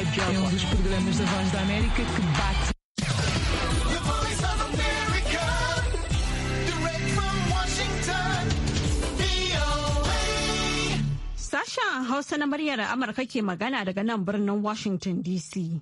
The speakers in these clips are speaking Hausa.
Sashen é um dos programas da Voz da América que bate. Sasha Hausa na muryar Amurka ke magana daga nan birnin Washington DC.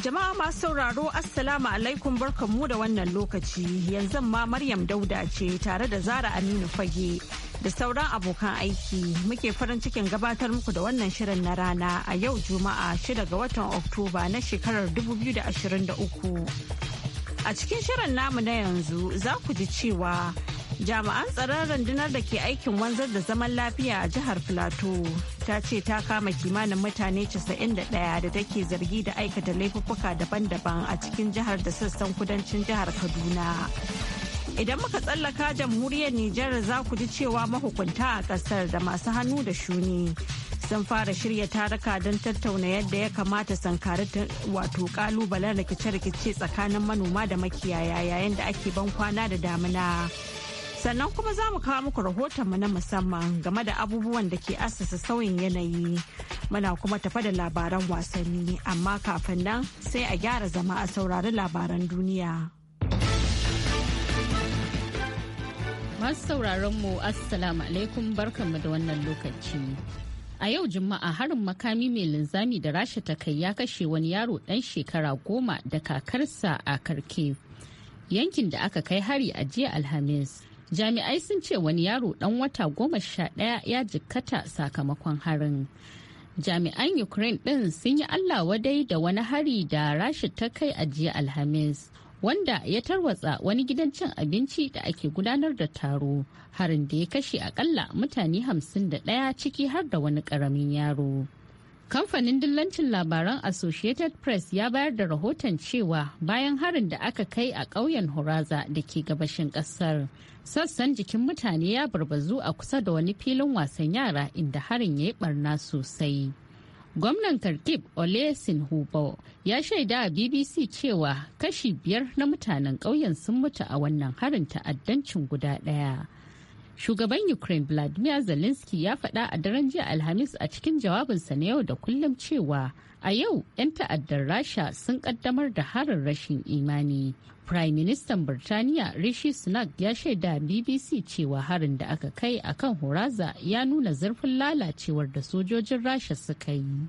Jama'a masu sauraro Assalamu alaikum barkanmu da wannan lokaci yanzu ma Maryam Dauda ce tare da Zara Aminu Fage da sauran abokan aiki muke farin cikin gabatar muku da wannan shirin na rana a yau juma'a 6 ga watan oktoba na shekarar 2023 a cikin shirin namu na yanzu za ku ji cewa jami'an tsaron rundunar da ke aikin wanzar da zaman lafiya a jihar filato ta ce ta kama kimanin mutane 91 da take zargi da aikata laifuffuka daban-daban a cikin jihar da sassan kudancin jihar kaduna Idan muka tsallaka jamhuriyar Nijar za ku ji cewa mahukunta a ƙasar da masu hannu da shuni sun fara shirya taraka don tattauna yadda ya kamata sankari wato kalubalen rikice-rikice tsakanin manoma da makiyaya yayin da ake ban kwana da damina. sannan kuma za mu kawo muku rahotonmu na musamman game da abubuwan da ke assasa sauyin yanayi muna kuma tafa da labaran wasanni amma kafin nan sai a gyara zama a saurari labaran duniya. Masu sauraron mu Assalamu alaikum barkanmu da wannan lokaci. A yau Juma'a harin makami mai linzami da rasha ta kai ya kashe wani yaro ɗan shekara goma da kakarsa a karke Yankin da aka kai hari a jiya Alhamis. Jami'ai sun ce wani yaro ɗan wata goma sha ɗaya ya jikkata sakamakon harin. Jami'an Ukraine ɗin sun yi Allah wadai da wani hari da rasha ta kai a jiya Alhamis. wanda ya tarwatsa wani gidan cin abinci da ake gudanar da taro harin da ya kashe akalla mutane hamsin da ɗaya ciki har da wani ƙaramin yaro. Kamfanin dillancin labaran Associated Press ya bayar da rahoton cewa bayan harin da aka kai a ƙauyen Horaza da ke gabashin ƙasar, sassan jikin mutane ya barbazu a kusa da wani filin wasan yara inda harin ya yi barna sosai. Gwamnan Kharkiv Ole Sinhubo ya shaida a BBC cewa kashi biyar na mutanen ƙauyen sun mutu a wannan harin ta'addancin guda ɗaya. Shugaban Ukraine Vladimir Zelensky ya faɗa a daren jiya Alhamis a cikin jawabinsa na yau da kullum cewa a yau 'yan ta'addar Rasha sun ƙaddamar da harin rashin imani Prime minister Birtaniya Rishi Sunak ya shaida BBC cewa harin da aka kai a kan Horaza ya nuna zurfin lalacewar da sojojin Rasha suka yi.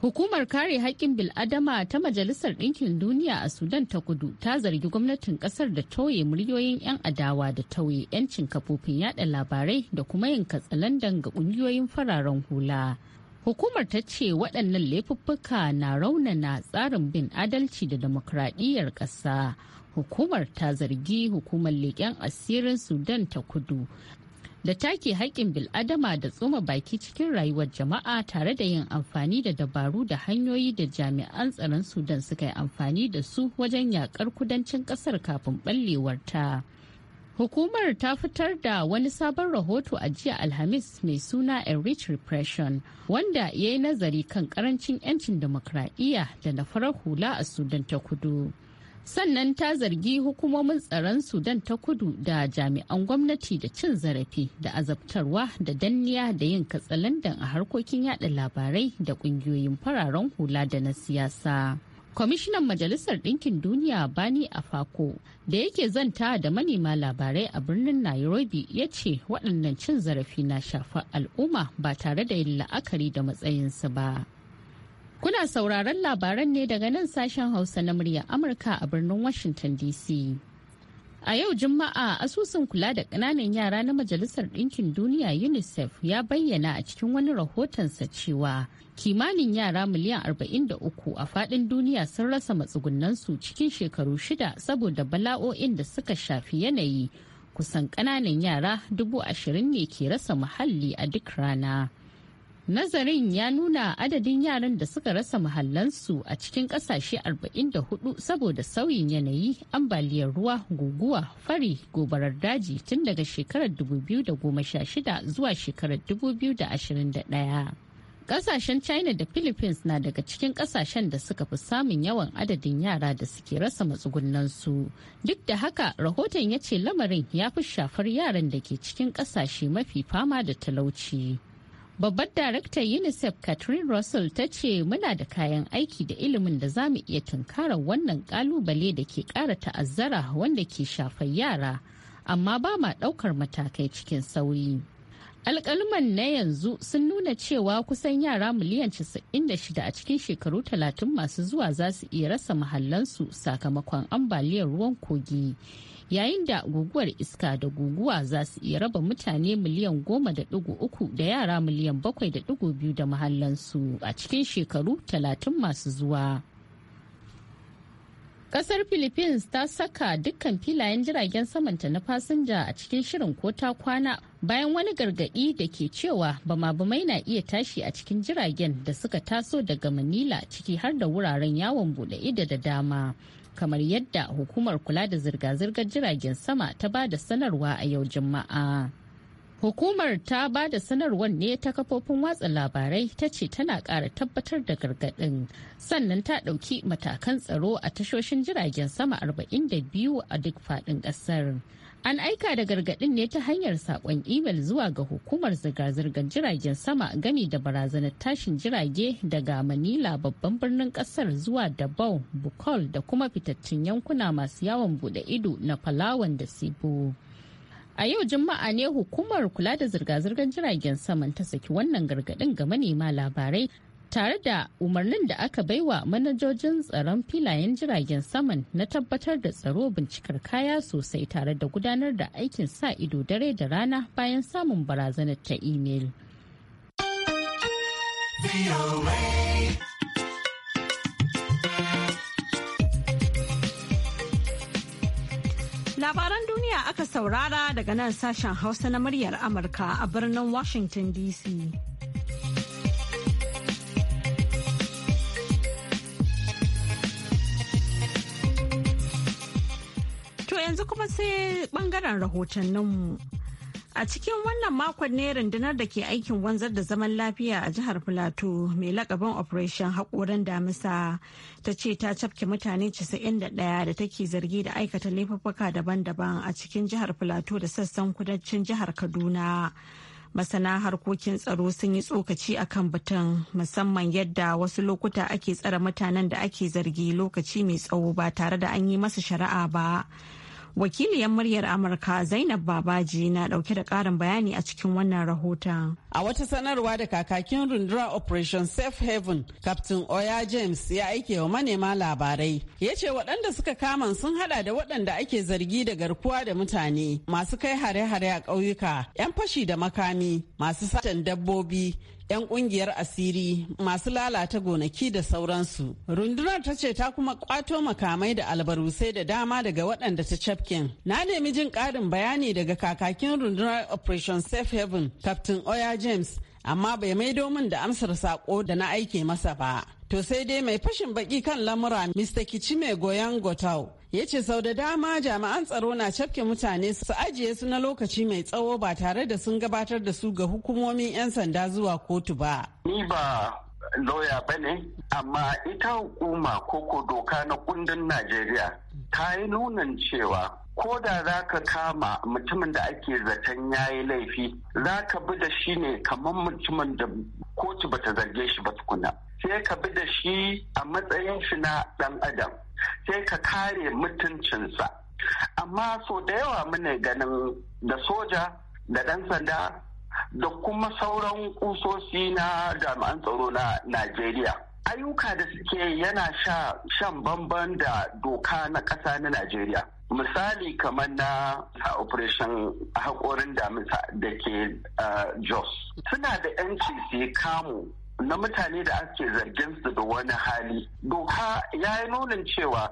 Hukumar kare haƙƙin bil'adama ta Majalisar Ɗinkin Duniya a Sudan ta kudu ta zargi gwamnatin ƙasar da tauye muryoyin 'yan adawa da tauye 'yancin kafofin yada labarai da kuma yin katsalandan ga ƙungiyoyin fararen hula. Hukumar ta ce waɗannan laifuffuka na raunana tsarin bin adalci da demokradiyyar ƙasa. Hukumar ta zargi hukumar leƙen asirin Sudan ta kudu da take haƙƙin bil'adama da tsoma baki cikin rayuwar jama'a tare da yin amfani da dabaru da hanyoyi da jami'an tsaron Sudan suka yi amfani da su wajen yaƙar kudancin ƙasar kafin ɓallewarta. Hukumar ta fitar da wani sabon rahoto a jiya Alhamis mai suna Enrich Repression wanda ya yi nazari kan karancin 'yancin demokradiyya da na farar hula a Sudan ta kudu. Sannan ta zargi hukumomin tsaron Sudan ta kudu da jami'an gwamnati da cin zarafi da azabtarwa da danniya da yin katsalandan a harkokin yada labarai da kungiyoyin fararen hula da na siyasa. kwamishinan majalisar ɗinkin duniya bani afako da yake zanta da manema labarai a birnin nairobi ya ce waɗannan cin zarafi na shafa al'umma ba tare da yin la'akari da matsayinsu ba kuna sauraron labaran ne daga nan sashen hausa na murya amurka a birnin washington dc A yau Juma'a asusun kula da ƙananan yara na Majalisar Ɗinkin Duniya UNICEF ya bayyana a cikin wani rahotonsa cewa kimanin yara miliyan 43 a faɗin duniya sun rasa matsugunansu cikin shekaru shida saboda bala'o'in da suka shafi yanayi kusan ƙananan yara 20,000 ne ke rasa muhalli a duk rana. Nazarin ya nuna adadin yaran da suka rasa mahallansu a cikin kasashe 44 saboda sauyin yanayi, ambaliyar ruwa, guguwa, fari, gobarar daji tun daga shekarar 2016 zuwa shekarar 2021. Kasashen China da Philippines na daga cikin kasashen da suka fi samun yawan adadin yara da suke rasa matsugunansu. Duk da haka, rahoton ya ce lamarin ya fi shafar yaran da ke cikin kasashe mafi fama da talauci. Babbar daraktar UNICEF Catherine Russell ta ce muna da kayan aiki da ilimin da za mu iya tunkara wannan kalubale da ke ƙara ta'azzara wanda ke shafar yara, amma ba ma ɗaukar matakai cikin sauri. Alƙaluman na yanzu sun nuna cewa kusan yara miliyan 96 a cikin shekaru 30 masu zuwa za su iya rasa mahallansu sakamakon ambaliyar ruwan kogi. yayin da guguwar iska da guguwa za su iya raba mutane miliyan goma da ɗigo uku da yara miliyan bakwai da ɗigo biyu da mahallansu a cikin shekaru talatin masu zuwa. Kasar Philippines ta saka dukkan filayen jiragen samanta na fasinja a cikin shirin ko ta kwana bayan wani gargadi da ke cewa bama-bamai na iya tashi a cikin jiragen da suka taso daga Manila ciki har da wuraren yawon bude ido da dama kamar yadda hukumar kula da zirga-zirgar jiragen sama ta ba da sanarwa a yau juma'a. Hukumar ta ba da sanarwar ne ta kafofin watsa labarai ta ce tana ƙara tabbatar da gargaɗin sannan ta ɗauki matakan tsaro a tashoshin jiragen sama 42 a duk faɗin ƙasar. An aika da gargaɗin ne ta hanyar saƙon imel zuwa ga hukumar zirga-zirgar jiragen sama gami da barazanar tashin jirage daga Manila babban birnin ƙasar zuwa Dabau, Bukol da kuma fitaccen yankuna masu yawon buɗe ido na falawan da sibo A yau Juma'a ne hukumar kula da zirga-zirgar jiragen saman ta saki wannan gargadin ga manema labarai tare da umarnin da aka baiwa manajojin tsaron filayen jiragen saman na tabbatar da tsaro bincikar kaya sosai tare da gudanar da aikin sa ido dare da rana bayan samun barazanar ta imel. Labaran duniya aka saurara daga nan sashen Hausa na muryar Amurka a birnin Washington DC. yanzu kuma sai bangaren rahotanninmu. A cikin wannan makon ne rundunar da ke aikin wanzar da zaman lafiya a jihar Filato mai lakabin Operation haƙoran damisa ta ce ta cafke mutane 91 da take zargi da aikata laifuffuka daban-daban a cikin jihar Filato da sassan kudancin jihar Kaduna. masana harkokin tsaro sun yi tsokaci a kan batun musamman yadda wasu lokuta ake tsare mutanen da ake zargi lokaci mai tsawo ba tare da an yi masa shari'a ba wakiliyan muryar amurka zainab babaji na dauke da karin bayani a cikin wannan rahoton a wata sanarwa da kakakin rundunar operation safe haven captain oya james ya aike wa manema labarai ya ce waɗanda suka kama sun hada da waɗanda ake zargi da garkuwa da mutane masu kai hare-hare a ƙauyuka 'yan fashi da makami masu satan dabbobi 'yan kungiyar asiri masu lalata gonaki da sauransu. Rundunar ta ce ta kuma kwato makamai da albarusai da dama daga waɗanda ta cafken. Na nemi jin ƙarin bayani daga kakakin rundunar Operation Safe Haven, Captain Oya James, amma bai maido min da amsar sako da na aike masa ba. To sai dai mai fashin baki kan lamura Mr. Kichime Goyan Gotau ya ce sau da dama jami'an tsaro na cafke mutane su ajiye su na lokaci mai tsawo ba tare da sun gabatar da su ga hukumomin 'yan sanda zuwa kotu ba. Ni ba lauya ba ne, amma ita hukuma koko doka na kundin Najeriya ta yi nunan cewa ko da za ka kama mutumin da ake zaton ya yi laifi za ka bi da shi ne kamar mutumin da kotu ba ta zarge shi ba tukuna. Sai ka bi da shi a matsayin shi na ɗan adam. sai ka kare mutuncinsa amma so da yawa mune ganin da soja da ɗan sanda da kuma sauran ƙusoshi na jami'an tsaro na najeriya ayyuka da suke yana sha shan bamban da doka na ƙasa na najeriya misali kamar na operation haƙorin damisa da ke eh, jos suna da yanci su yi kamu na mutane da ake zargin su da wani hali doka ya yi nunin cewa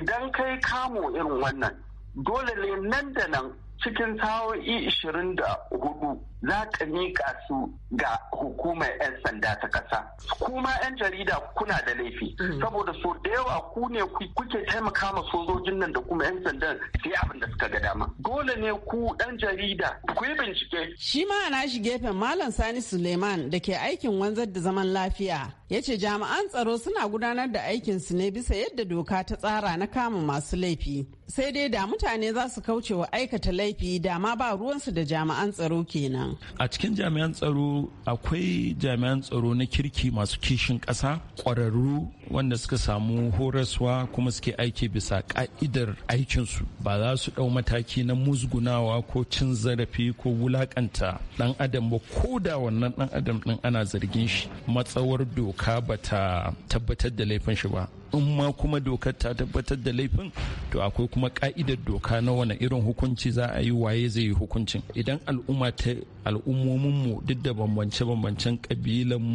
idan kai kamo irin wannan dole ne nan da nan cikin sa'o'i 24 za ka miƙa su ga hukumar 'yan sanda ta ƙasa. Kuma 'yan jarida kuna da laifi, mm. saboda so da yawa ku ne kuke taimaka ma sojojin nan da kuma 'yan sandan sai abin da suka ga dama. Dole ne ku ɗan jarida ku yi bincike. Shi ma na shi gefen Malam Sani Suleiman da ke aikin wanzar da zaman lafiya. yace ce jami'an tsaro suna gudanar da aikinsu ne bisa yadda doka ta tsara na kama masu laifi. Sai dai da mutane za su kauce wa aikata laifi dama ba ruwansu da jami'an tsaro kenan. a cikin jami'an tsaro akwai jami'an tsaro na kirki masu kishin ƙasa ƙwararru wanda suka samu horaswa kuma suke aiki bisa ka'idar aikinsu ba za su ɗau mataki na musgunawa ko cin zarafi ko wulaƙanta ɗan adam ba ko da wannan ɗan adam ɗin ana zargin shi matsawar doka ba ta tabbatar da laifin shi ba in ma kuma dokar ta tabbatar da laifin to akwai kuma ka'idar doka na wani irin hukunci za a yi waye zai yi hukuncin idan al'umma ta al'ummominmu duk da bambance-bambancen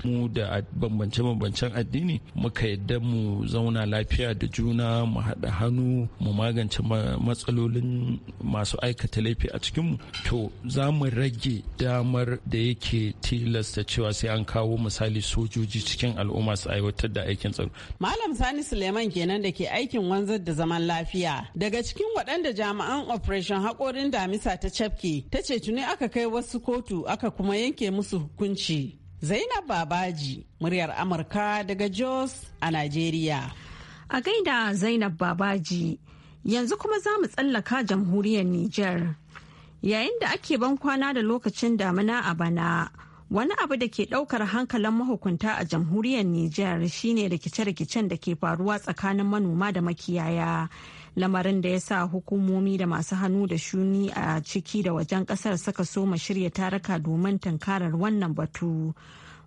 mu da bambance-bambancen addini muka yadda mu zauna lafiya da juna mu haɗa hannu mu magance matsalolin masu aikata laifi a cikin mu to za mu rage damar da yake tilasta cewa sai an kawo misali sojoji cikin al'umma su aiwatar da aikin tsaro. Malam Sani Suleiman kenan da ke aikin wanzar da zaman lafiya. Daga cikin waɗanda jami'an Operation hakorin Damisa ta cafke, ta ce tuni aka kai wasu kotu aka kuma yanke musu hukunci. Zainab Babaji, muryar Amurka daga Jos a Najeriya. A gaida Zainab Babaji, yanzu kuma za mu tsallaka jamhuriyar Nijar. Yayin da ake ban kwana da lokacin damina a bana. Wani abu da ke ɗaukar hankalin mahukunta a jamhuriyar Nijar shine rikice-rikicen da ke faruwa tsakanin manoma da makiyaya. Lamarin da ya sa hukumomi da masu hannu da shuni a ciki da wajen ƙasar suka so ma shirya taruka domin tankarar wannan batu.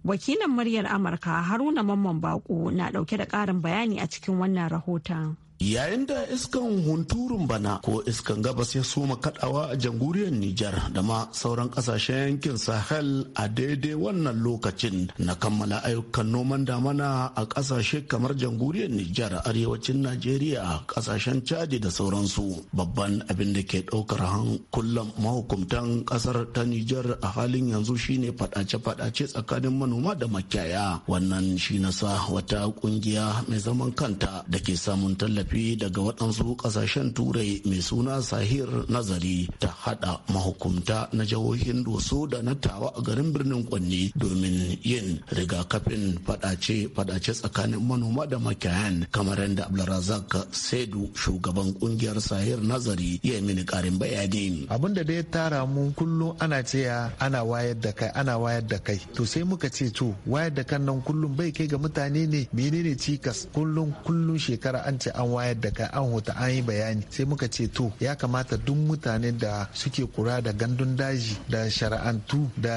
Wakilin muryar Amurka Haruna Mamman Bako na ɗauke da ƙarin bayani a cikin wannan rahoton. yayin da iskan hunturun bana ko iskan gabas ya soma kadawa a janguriyar Nijar da ma sauran kasashen yankin Sahel a daidai wannan lokacin na kammala ayyukan noman damana a kasashe kamar janguriyar Nijar arewacin Najeriya kasashen Chadi da sauransu babban abin da ke daukar hankulan mahukumtan kasar ta Nijar a halin yanzu shine fadace-fadace tsakanin manoma da makiyaya wannan shi nasa wata kungiya mai zaman kanta da ke samun tallafi tallafi daga waɗansu ƙasashen turai mai suna sahir nazari ta haɗa mahukumta na jihohin doso da na tawa a garin birnin kwanni domin yin rigakafin faɗace-faɗace tsakanin manoma da makiyayan kamar yadda abdulrazak saidu shugaban ƙungiyar sahir nazari ya yi mini karin bayani abin da ya tara mu kullum ana cewa ana wayar da kai ana wayar da kai to sai muka ce to wayar da kan nan kullum bai kai ga mutane ne menene cikas kullum kullum shekara an ce an wayar da kai an hoto an yi bayani sai muka ce to ya kamata duk mutane da suke kura da gandun daji da shara'antu da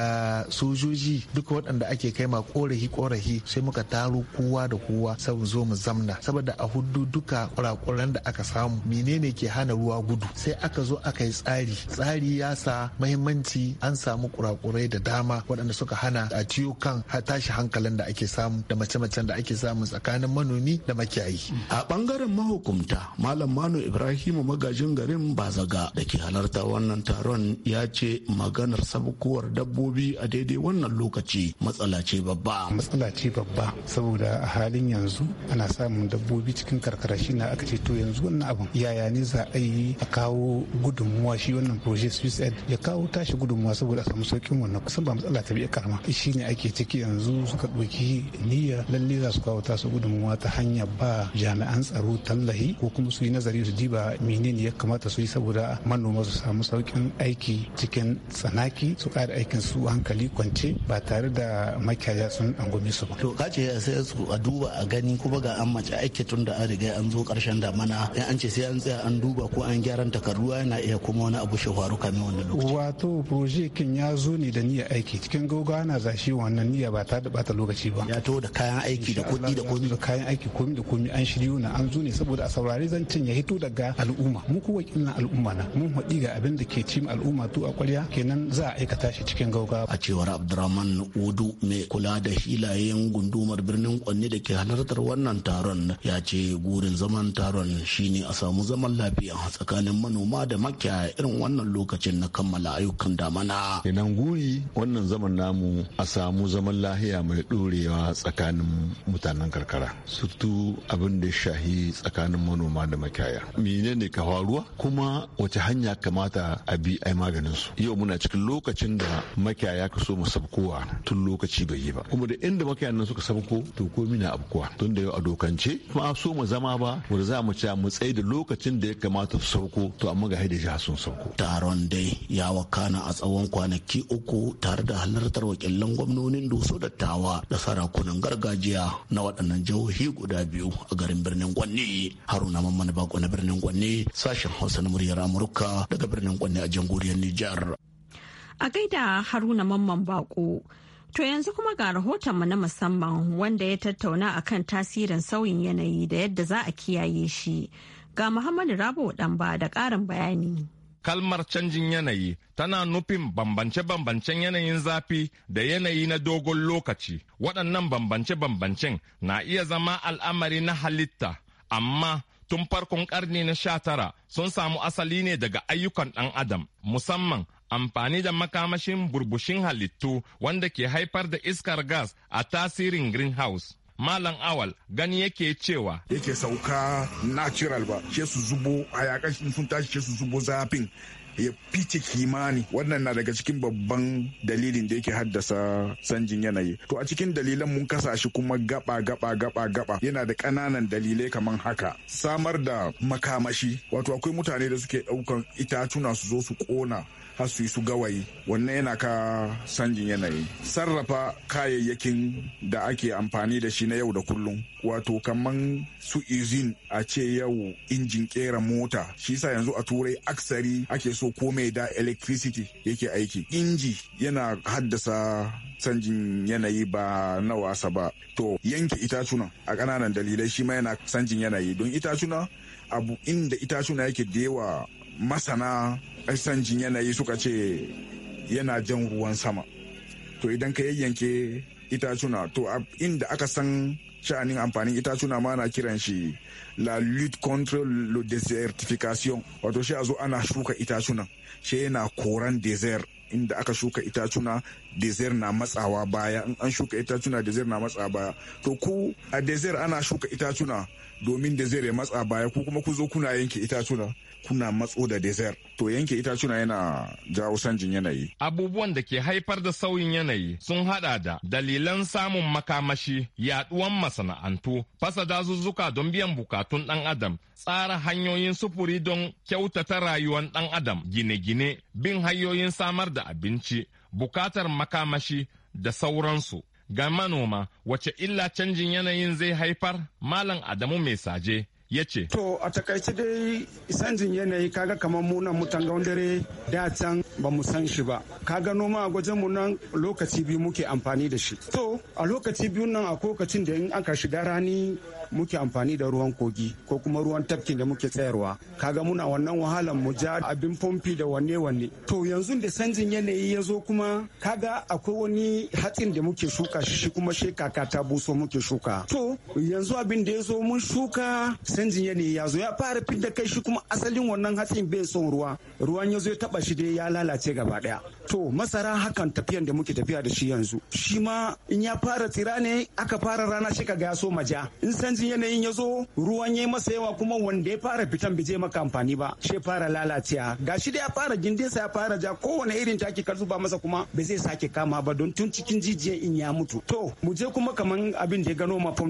sojoji duk waɗanda ake kai ma korahi korahi sai muka taro kowa da kowa sabu zo mu zamna saboda a hudu duka kurakuran da aka samu menene ke hana ruwa gudu sai aka zo aka yi tsari tsari ya sa mahimmanci an samu kurakurai da dama waɗanda suka hana a ciyo kan tashi hankalin da ake samu da mace-macen da ake samu tsakanin manomi da makiyayi a bangaren mahukumta malam manu ibrahim magajin garin bazaga da ke halarta wannan taron ya ce maganar sabukuwar dabbobi a daidai wannan lokaci matsala ce babba matsala ce babba saboda a halin yanzu ana samun dabbobi cikin karkara shi na aka ce to yanzu wannan abin yaya ne za a yi a kawo gudunmuwa shi wannan project suicide ya kawo tashi gudunmuwa saboda a samu saukin wannan kusan ba matsala ta biya karama shi ne ake ciki yanzu suka ɗauki niyya lalle za su kawo tasu gudunmuwa ta hanya ba jami'an tsaro tallahi ko kuma su yi nazari su diba menene ya kamata su yi saboda manoma su samu saukin aiki cikin tsanaki su kare aikin su hankali kwance ba tare da makiyaya sun angome su ba. To ka ce sai su a duba a gani kuma ga an mace aiki tun da an riga an zo ƙarshen damana in an ce sai an tsaya an duba ko an gyaran takardu yana iya kuma wani abu shi faru kamin wannan lokaci. Wato proje kin ya zo ne da niyyar aiki cikin gogo ana zashi wannan niyya ba tare da bata lokaci ba. Ya to da kayan aiki da kuɗi da komi. Da kayan aiki komi da komi an shiryu na an zo ne saboda a saurari zancen ya hito daga al'umma mu ko wakilin al'umma na mun haɗi ga abin da ke cin al'umma tu a kwarya kenan za a aikata shi cikin gaugawa a cewar abdurrahman udu mai kula da hilayen gundumar birnin kwanne da ke halartar wannan taron ya ce gurin zaman taron shine a samu zaman lafiya tsakanin manoma da makiyaya irin wannan lokacin na kammala ayyukan damana kenan guri wannan zaman namu a samu zaman lahiya mai ɗorewa tsakanin mutanen karkara surtu abin da shahi tsakanin manoma da makiyaya menene ka faruwa kuma wace hanya kamata a bi ai maganin su yau muna cikin lokacin da makiyaya ka so mu sabkowa tun lokaci bai yi ba kuma da inda makiyayan nan suka sabko to ko mina abkuwa tun da yau a dokance ma so mu zama ba mu za mu ci mu tsaye da lokacin da ya kamata su sauko to amma ga haida jiha sun sauko taron dai ya wakana a tsawon kwanaki uku tare da halartar wakilan gwamnonin doso dattawa da sarakunan gargajiya na waɗannan jihohi guda biyu a garin birnin gwanni haruna mamman bako na birnin gwanne sashen hausa na muryar amurka daga birnin gwanne a jamhuriyar nijar a gaida haruna mamman bako To yanzu kuma ga rahotonmu na musamman wanda ya tattauna akan tasirin sauyin yanayi da yadda za a kiyaye shi. Ga Muhammadu Rabo Ɗanba da ƙarin bayani. Kalmar canjin yanayi tana nufin bambance-bambancen yanayin zafi da yanayi na dogon lokaci. Waɗannan bambance-bambancen na iya zama al'amari na halitta amma tun farkon karni na sha tara sun samu asali ne daga ayyukan ɗan adam musamman amfani da makamashin burbushin halittu wanda ke haifar da iskar gas a tasirin greenhouse Malam Awal gani yake cewa yake sauka natural ba ce su zubo a yakashin sun tashi ce su zubo zafin ya fice kimani wannan na daga cikin babban dalilin da yake haddasa sanjin yanayi to a cikin dalilan mun kasa shi kuma gaba gaba gaba gaba yana da ƙananan dalilai kamar haka samar da makamashi wato akwai mutane da suke ɗaukan itatuna su zo su ƙona har su yi su gawayi wannan yana ka sanjin yanayi sarrafa kayayyakin da ake amfani da shi na yau da kullum wato kaman su izin a ce yau injin kera mota shi sa yanzu a turai aksari ake so komai da electricity yake aiki inji yana haddasa canjin yanayi ba na wasa ba to yanke itacuna a ƙananan dalilai shi ma yana canjin yanayi don itacuna abu inda itacuna yake da yawa masana canjin yanayi suka ce yana jan ruwan sama to idan ka yayyanke itacuna to inda aka san sha'anin amfanin itacuna ma na kiran shi la lutte contre le desertification wato shi a zo ana shuka itacuna shi yana koran desert inda aka shuka itacuna desert na matsawa baya in an shuka itacuna desert na matsawa baya to ku a desert ana shuka itacuna domin desert ya matsa baya ku kuma ku zo kuna yanke itacuna kuna matso da desert to yanke itacuna yana jawo sanjin yanayi abubuwan da ke haifar da sauyin yanayi sun hada da dalilan samun makamashi yaduwan masana'antu fasa dazuzzuka don biyan bukatun dan adam tsara hanyoyin sufuri don kyautata rayuwan dan adam gine-gine bin hanyoyin samar da abinci bukatar makamashi da sauransu ga manoma wace illa canjin yanayin zai haifar malam adamu mai saje ya ce. To a takaice dai sanjin yanayi kaga kamar munan mutan gaun dare da can ba mu san shi ba. Kaga noma a gwajin mu nan lokaci biyu muke amfani da shi. To a lokaci biyu nan a lokacin da in aka shiga rani muke amfani da ruwan kogi ko kuma ruwan tafkin da muke tsayarwa. Kaga muna wannan wahalan mu ja abin fomfi da wanne wanne. To yanzu da sanjin yanayi ya zo kuma kaga akwai wani hatsin da muke shuka shi kuma shi kaka ta buso muke shuka. To yanzu abin da ya zo mun shuka canjin yanayi ya zo ya fara fidda kai shi kuma asalin wannan hatsin bai son ruwa ruwan ya zo ya taba shi dai ya lalace gaba daya to masara hakan tafiyan da muke tafiya da shi yanzu shi ma in ya fara tsira ne aka fara rana shi kaga ya so maja in canjin yanayin ya zo ruwan ya masa yawa kuma wanda ya fara fitan bai je maka amfani ba shi fara lalacewa gashi dai ya fara gindin sa ya fara ja kowane irin taki ka zuba masa kuma bai zai sake kama ba don tun cikin jijiyen in ya mutu to mu je kuma kaman abin da ya gano ma fom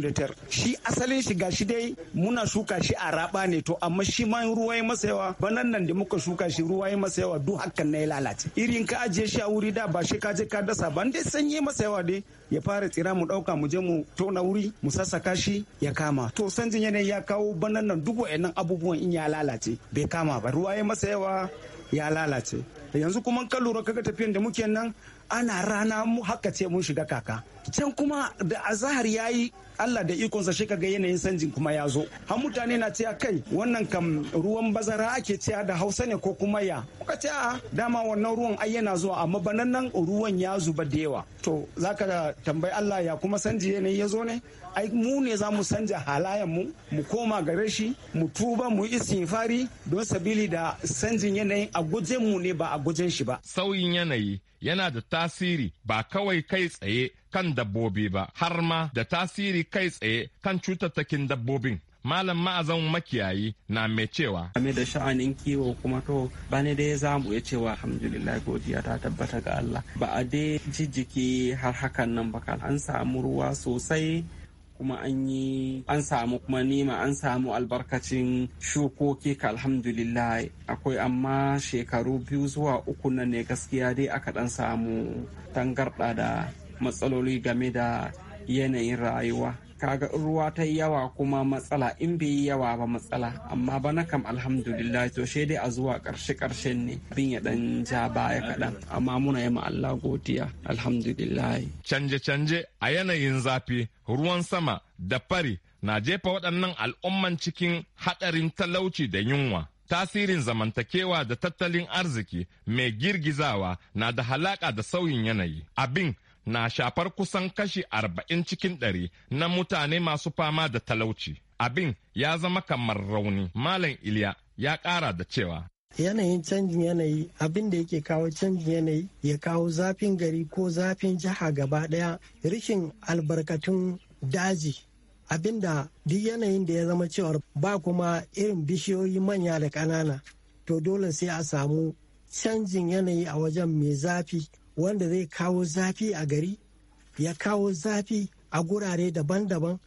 shi asalin shi gashi dai muna shu shuka shi a raba ne to amma shi ma ruwa ya masa yawa banan nan da muka shuka shi ruwa ya masa yawa duk hakan na ya lalace irin ka ajiye shi a wuri da ba shi ka je ka dasa ban dai sanye masa yawa dai ya fara tsira mu dauka mu je mu tona wuri mu sassaka shi ya kama to sanjin yanayi ya kawo banan nan duk wayannan abubuwan in ya lalace bai kama ba ruwa ya masa yawa ya lalace yanzu kuma ka lura kaga tafiyan da muke nan ana rana mu haka ce mun shiga kaka can kuma da azahar yayi Allah da ikonsa shi kaga yanayin sanjin kuma ya zo har mutane na cewa kai wannan kam ruwan bazara ake cewa da Hausa ne ko kuma ya muka ce a dama wannan ruwan ai yana zuwa amma banan nan ruwan ya zuba da yawa to za ka tambayi Allah ya kuma sanji yanayin ya zo ne ai mu ne za mu sanja halayen mu mu koma gare shi mu tuba mu istighfari don sabili da sanjin yanayin a gujen mu ne ba a gujen shi ba sauyin yanayi yana da tasiri ba kawai kai tsaye kan dabbobi ba har ma da tasiri kai tsaye kan cutattakin dabbobin malam ma'azan makiyayi na mai cewa game da sha'anin kiwo kuma to ba ne dai za mu iya cewa alhamdulillah godiya ta tabbata ga Allah ba a dai jijjiki har hakan nan ba an samu ruwa sosai kuma an yi an samu kuma nima an samu albarkacin shukoki ka alhamdulillah akwai amma shekaru biyu zuwa uku nan ne gaskiya dai aka dan samu tangarɗa da matsaloli game da yanayin rayuwa kaga ruwa ta yawa kuma matsala in bai yi yawa ba matsala amma bana kam alhamdulillah to shi dai a zuwa karshe karshen ne bin ya dan ja baya kaɗan amma muna yi ma Allah godiya alhamdulillah canje canje a yanayin zafi ruwan sama da fari na jefa waɗannan al'umman cikin haɗarin talauci da yunwa tasirin zamantakewa da tattalin arziki mai girgizawa na da halaƙa da sauyin yanayi abin na shafar kusan kashi arba'in cikin ɗari na mutane masu fama da talauci. Abin ya zama kamar rauni. Malam Iliya ya ƙara da cewa. Yanayin canjin yanayi abin da yake kawo canjin yanayi ya kawo zafin gari ko zafin jiha gaba ɗaya rishin albarkatun daji abin da duk yanayin da ya zama cewar ba kuma irin bishiyoyi manya da ƙanana to dole sai a samu canjin yanayi a wajen mai zafi wanda zai kawo zafi a gari ya kawo zafi a gurare daban-daban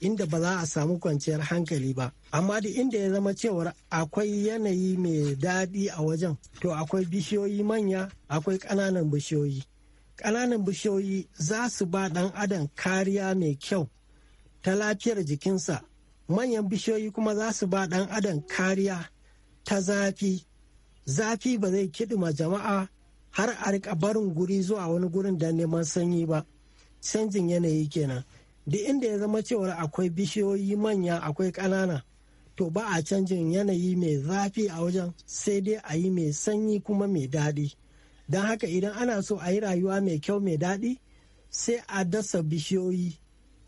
inda ba za a samu kwanciyar hankali ba amma da inda ya zama cewar akwai yanayi mai daɗi a wajen to akwai bishiyoyi manya akwai ƙananan bishiyoyi ƙananan bishiyoyi za su ba ɗan adam kariya mai kyau ta lafiyar jikinsa manyan bishiyoyi kuma za su ba ɗan adam kariya ta zafi zafi ba zai kiɗima jama'a har a rika barin guri zuwa wani gurin da neman sanyi ba canjin yanayi kenan duk inda ya zama cewar akwai bishiyoyi manya akwai ƙanana to ba a canjin yanayi mai zafi a wajen sai dai a yi mai sanyi kuma mai daɗi don haka idan ana so a yi rayuwa mai kyau mai daɗi sai a dasa bishiyoyi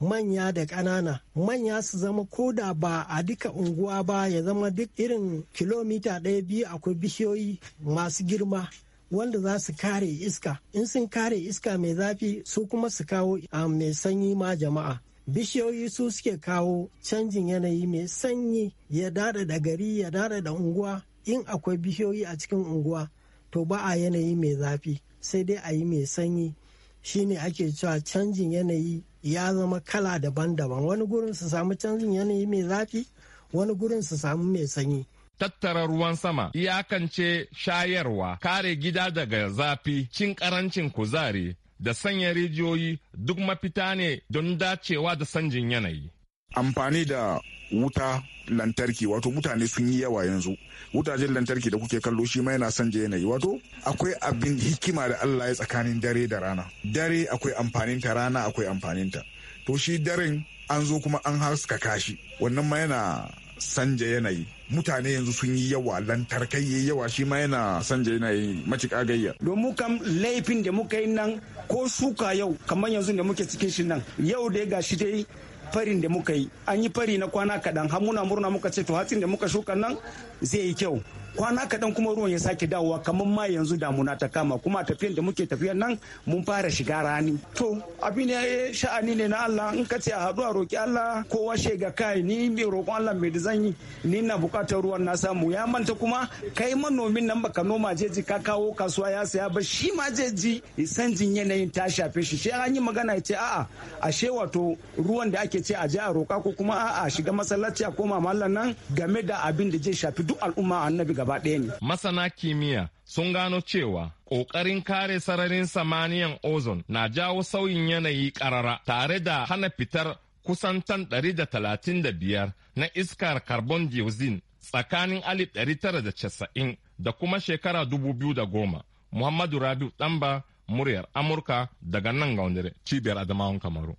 manya da ƙanana manya su zama ko da ba a duka unguwa ba ya zama duk irin kilomita ɗaya biyu akwai bishiyoyi masu girma wanda za su kare iska in sun kare iska mai zafi su kuma su kawo ah, mai sanyi ma jama'a bishiyoyi su suke kawo canjin yanayi mai sanyi ya dada da gari ya dada da unguwa in akwai bishiyoyi a cikin unguwa to ba a yanayi mai zafi sai dai a yi mai sanyi shine ake cewa canjin yanayi ya zama kala daban-daban wani gurin su samu canjin yanayi mai zafi wani gurin su samu mai sanyi tattara ruwan sama, iyakance shayarwa, kare gida daga zafi, cin karancin kuzari, da sanya rijiyoyi duk mafita ne don dacewa da sanjin yanayi. Amfani da wuta lantarki wato mutane sun yi yawa yanzu wutajen lantarki da kuke kallo shi ma yana sanja yanayi wato akwai abin hikima da Allah ya tsakanin dare da rana dare akwai amfaninta rana akwai amfaninta to shi daren an zo kuma an haskaka shi wannan ma yana sanja yanayi mutane yanzu sun yi yawa lantarkai yayi yawa shi ma yana sanja yana yi macika gayya domin kam laifin da muka yi nan ko shuka yau kamar yanzu da muke cikin shi nan yau dai ga shi dai farin da muka yi an yi fari na kwana kaɗan har muna murna muka ce to hatsin da muka shuka nan zai yi kyau kwana kaɗan kuma ruwan ya sake dawowa kamar ma yanzu damuna ta kama kuma tafiyan da muke tafiyan nan mun fara shiga rani to abin ya sha'ani ne na Allah in ka ce a haɗu a roƙi Allah kowa shega kai ni mai roƙon Allah mai da zan yi ni na buƙatar ruwan na samu ya manta kuma kai manomin nan baka noma jeji ka kawo kasuwa ya saya ba shi ma jeji sanjin yanayin ta shafe shi shi an yi magana ya ce a'a ashe wato ruwan da ake ce a je a roƙa ko kuma a'a shiga masallaci a koma mallan nan game da abin da zai shafi duk al'umma annabi gaba gaba ɗaya ne. Masana kimiyya sun gano cewa ƙoƙarin kare sararin samaniyan ozone na jawo sauyin yanayi ƙarara tare da hana fitar kusan tan 135 na iskar carbon dioxide tsakanin 1990 da kuma shekara 2010. Muhammadu Rabiu Ɗanba, muryar Amurka daga nan ga cibiyar Adamawan Kamaru.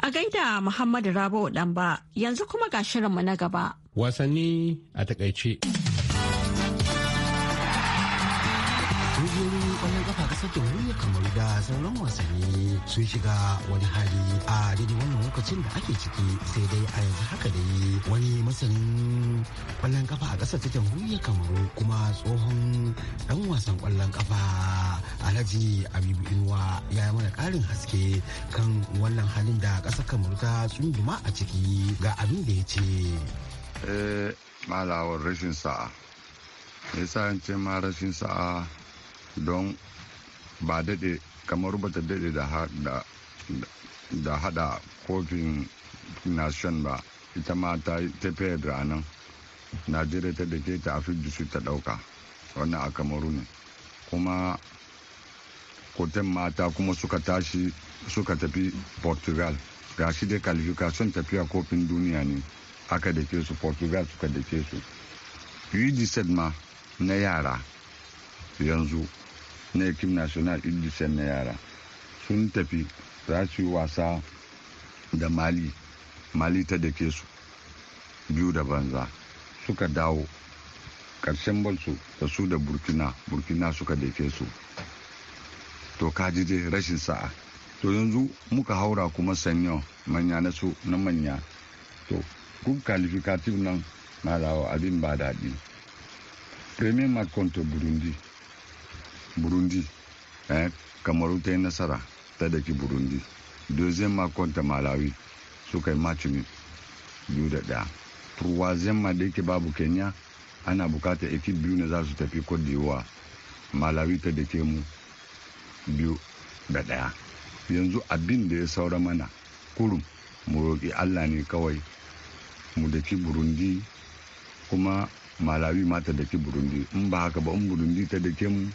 A gaida Muhammadu Rabiu Ɗanba yanzu kuma ga shirinmu na gaba. Wasanni a takaice. kasar jamhuriyar kamar da sauran wasanni sun shiga wani hali a daidai wannan lokacin da ake ciki sai dai a yanzu haka da yi wani masanin kwallon kafa a kasar ta jamhuriyar kamaru kuma tsohon dan wasan kwallon kafa alhaji abibu inuwa ya yi mana karin haske kan wannan halin da kasar kamaru ta tsunduma a ciki ga abin da ya ce eh, malawar rashin sa'a yasa ce ma rashin sa'a don ba daɗe kamar ba ta daɗe da haɗa kofin nation ba ita ma ta tafiya da ranar najeriya ta dake ta afi su ta ɗauka wannan a kamaru ne kuma koten mata kuma suka tashi suka tafi portugal ga shi dai kalifikashin tafiya kofin duniya ne aka dake su portugal suka dake su ma na yara yanzu na ekip national idisen na yara sun tafi za su yi wasa da mali mali ta da ke su biyu da banza suka dawo karshen balsu da su da burkina burkina suka dake su to kaji dai rashin sa'a to yanzu muka haura kuma sanyo manya na su na manya to kun kalifikatif nan na dawo abin ba daɗi premier mark contra burundi burundi eh, kamaru ta yi nasara ta daki burundi deuxième ma kwanta malawi suka yi matching biyu da daya troisième ma da yake babu kenya ana bukata ekip biyu ne za su tafi cote d'ivoire malawi ta dake mu biyu da daya yanzu abin da ya saura mana kurum mu roƙi allah ne kawai mu daki burundi kuma malawi ma ta daki burundi in ba haka ba in burundi ta dake mu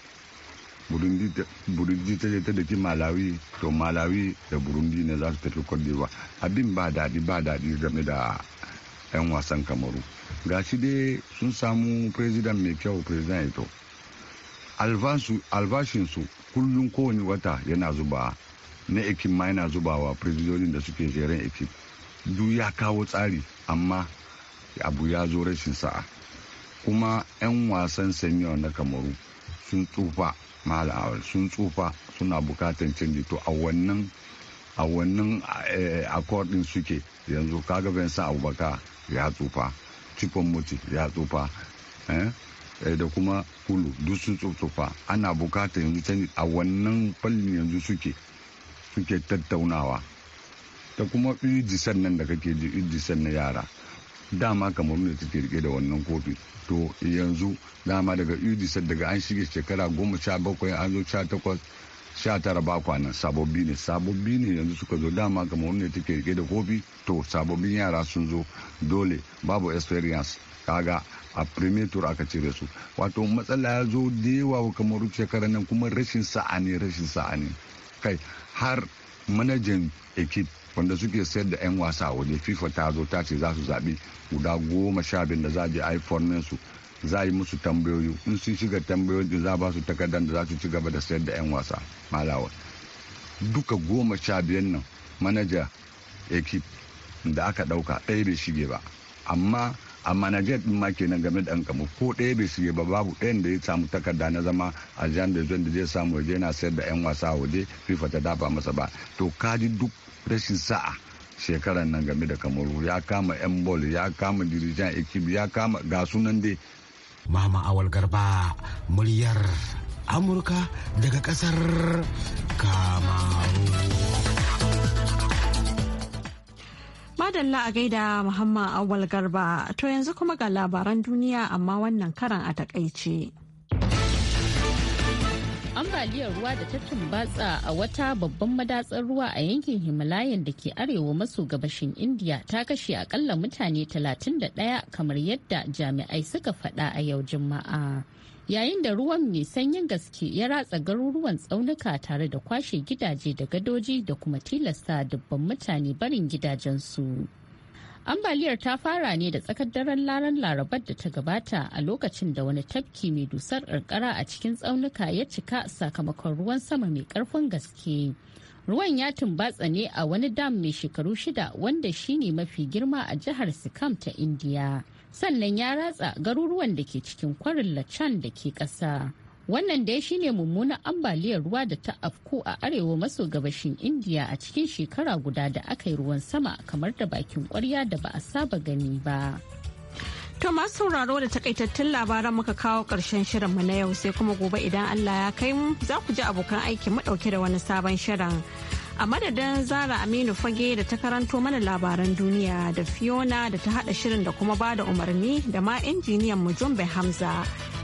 burundi ta je ta daki malawi to malawi da burundi ne za su tafi kwadewa abin ba daɗi ba daɗi game da 'yan wasan kamaru ga shi dai sun samu president mai kyau president ito albashinsu kullum kowane wata yana zuba na ekip ma yana zubawa presidonin da suke jeren ekip duk ya kawo tsari amma abu ya zo rashin sa'a kuma 'yan wasan senior na kamaru sun tsufa mala'awar sun tsufa suna bukatan canji to a wannan a wannan eh, akwadin suke yanzu kaga ben sa abubakar ya tsufa cikon mutu ya tsufa eh, eh, da kuma kulu duk sun tsufa ana bukata yanzu canji a wannan fallin yanzu suke suke tattaunawa ta kuma ijisan nan da kake ji ijisan na yara dama kamar ne take rike da wannan kofi to yanzu dama daga udisar daga an shige shekara goma sha bakwai an zo sha takwas sha tara kwanan sababbi ne sababbi ne yanzu suka zo dama kamar ne take rike da kofi to sababbin yara sun zo dole babu experience kaga a premier tour aka cire su wato matsala ya zo da yawa kamar shekarar nan kuma rashin sa'ani rashin sa'ani kai har manajan ekip wanda suke sayar da 'yan wasa waje fifa ta zo ta ce za su zaɓi guda goma sha biyu da za a je iphone su za yi musu tambayoyi in sun shiga tambayoyi za ba su takardar da za su ci gaba da sayar da 'yan wasa malawa duka goma sha biyar nan manaja ekip da aka ɗauka ɗaya bai shige ba amma a manajar ɗin ma kenan game da kamu ko ɗaya bai shige ba babu ɗayan da ya samu takarda na zama a jan da zai samu waje yana sayar da yan wasa waje fifa ta dafa masa ba to kaji duk rashin sa'a shekaran nan game da kamaru ya kama yan bol ya kama dirijan ekip ya kama ga sunan dai mama awal garba muryar amurka daga kasar kamaru madalla a gaida muhammad awal garba to yanzu kuma ga labaran duniya amma wannan karan a takaice. ambaliyar ruwa da ta tumbatsa a wata babban madatsar ruwa a yankin himalayan da ke arewa maso gabashin indiya ta kashe akalla mutane 31 kamar yadda jami'ai suka fada a yau juma'a yayin da ruwan mai sanyin gaske ya ratsa garuruwan tsaunuka tare da kwashe gidaje da gadoji da kuma tilasta dubban mutane barin gidajensu. ambaliyar ta fara ne da tsakar daren laran larabar da ta gabata a lokacin da wani tafki mai dusar karkara a cikin tsaunuka ya cika sakamakon ruwan sama mai karfin gaske ruwan ya tumbatsa ne a wani dam mai shekaru shida wanda shine mafi girma a jihar sikam ta indiya sannan ya ratsa garuruwan da ke cikin kwarin lachan da ke ƙasa. wannan dai shine mummunan ambaliyar ruwa da ta afku a arewa maso gabashin indiya a cikin shekara guda da aka yi ruwan sama kamar da bakin kwarya da ba a saba gani ba to masu sauraro da takaitattun labaran muka kawo karshen shirinmu na yau sai kuma gobe idan allah ya kai mu za ku ji abokan aiki mu dauke da wani sabon shirin a madadin zara aminu fage da ta karanto mana labaran duniya da fiona da ta hada shirin da kuma bada umarni da ma injiniyan mu jumbe hamza